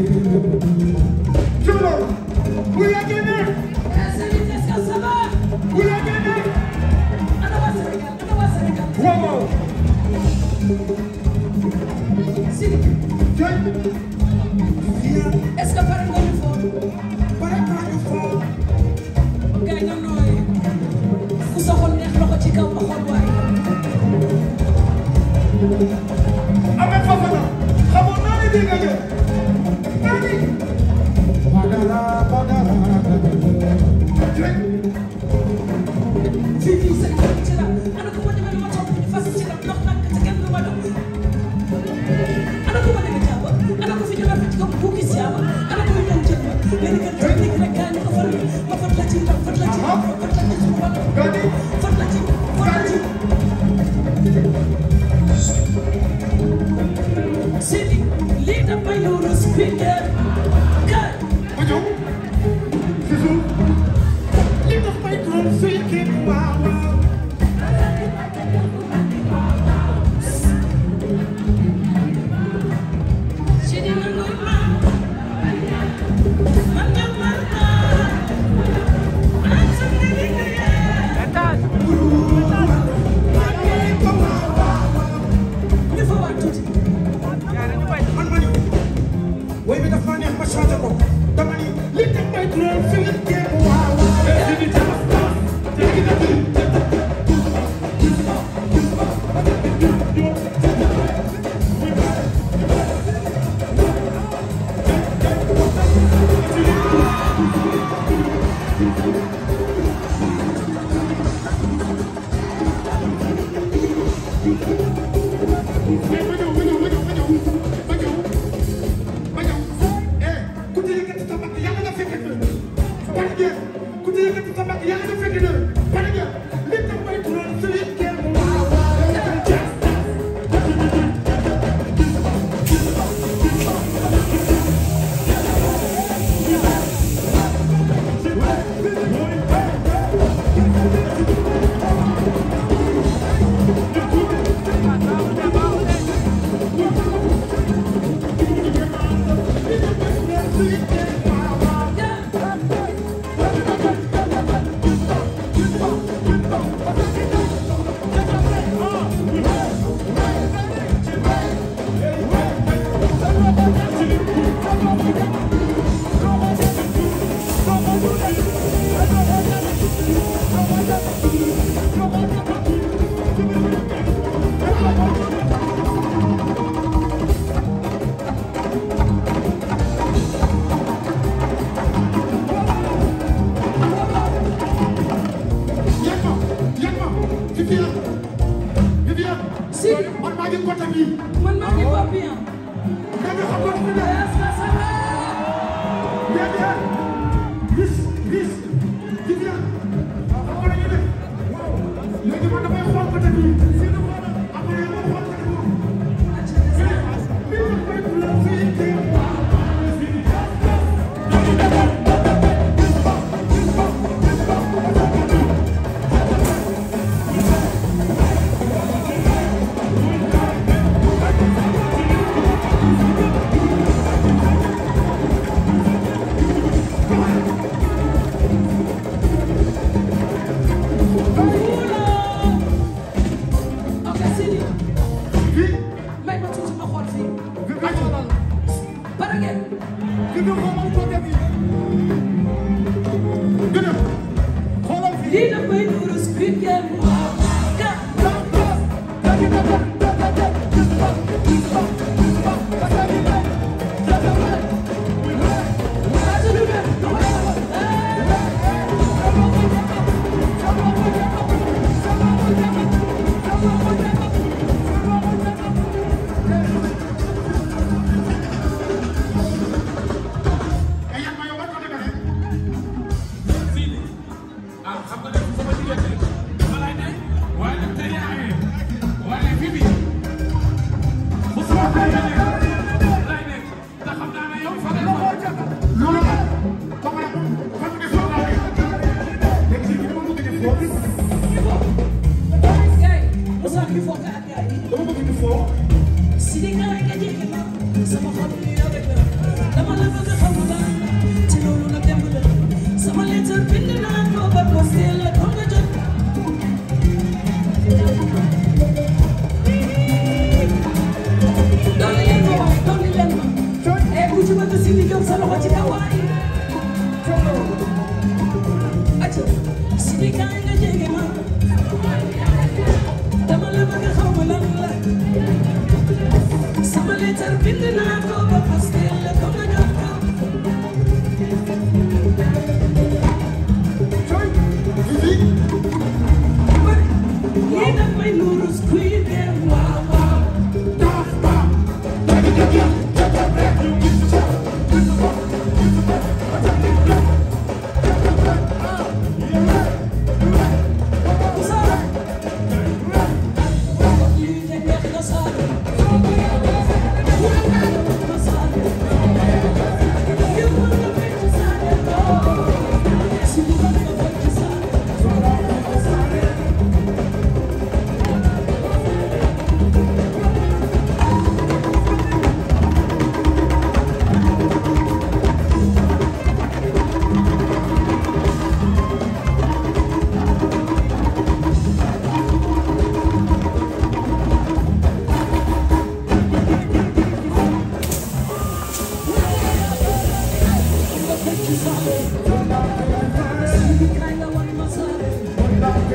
Thank you. sa mbagg yaa nga fekk na. Balla Gaye ku ci yëkkati sa mbagg yaa nga fekk na. Merci. Yeah.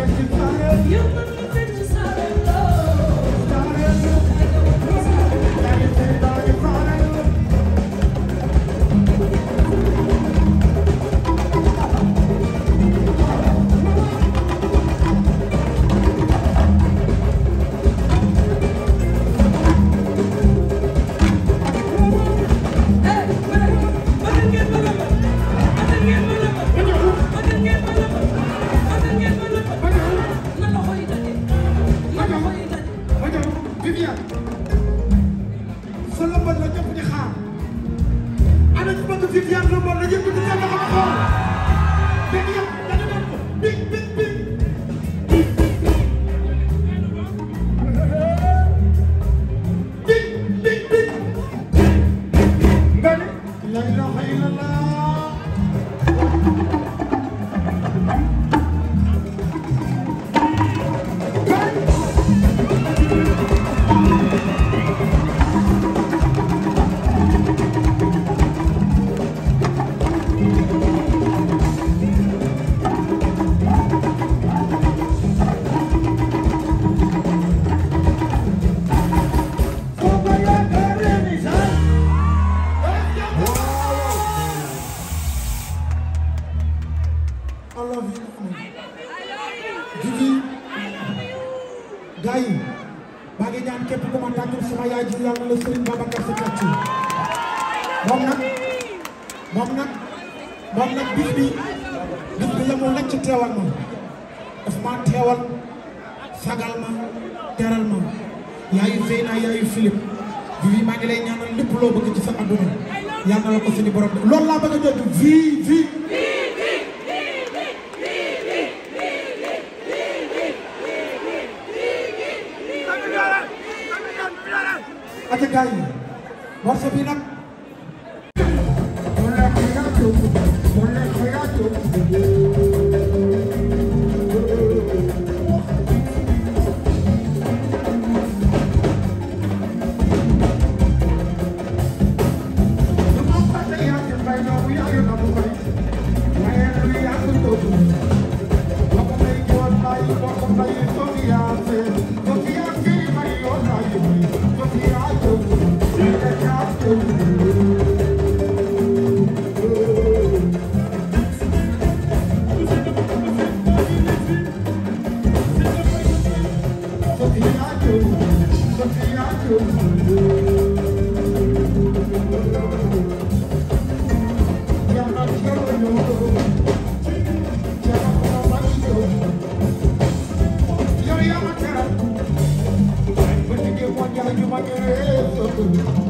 Everybody, you xel sa lëmbal la ñëpp di xaar ana ku bëgg Viviane Lombardo la ñëpp di tànn ko xool gaa yi ngi ñaan képp ku ma tàggul sama yaay ji yàlla la Serigne Babacar Sy tàccu moom teewal ma daf maa teewal sagal ma teral ma yaayu Zeyna yaayu Philippe bi maa ngi lay ñaanal lépp loo bëgg ci sa àdduna yàlla la ko suñu borom loolu laa bëgg a jot vie yëg kaay yi marché bi nag Thank you.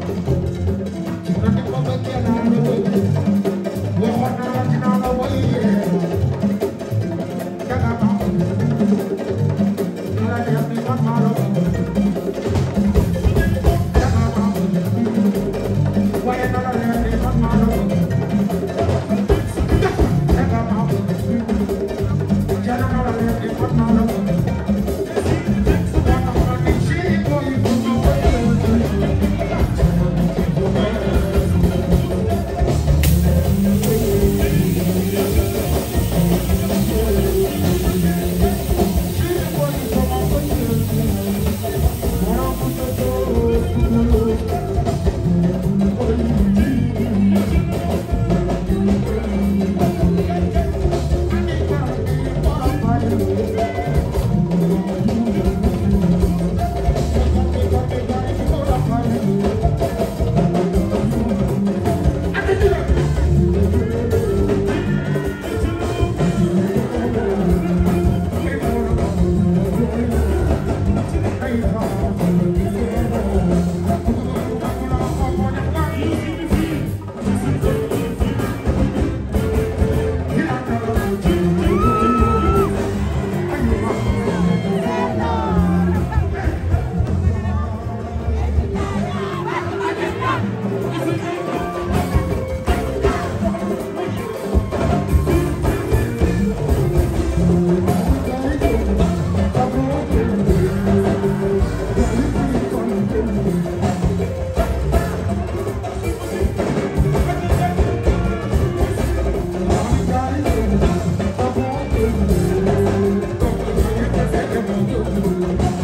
Thank you.